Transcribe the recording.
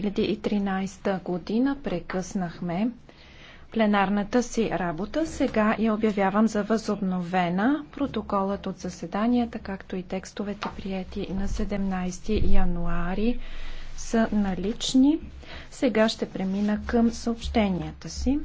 2013 година прекъснахме пленарната си работа. Сега я обявявам за възобновена. Протоколът от заседанията, както и текстовете прияти на 17 януари са налични. Сега ще премина към съобщенията си.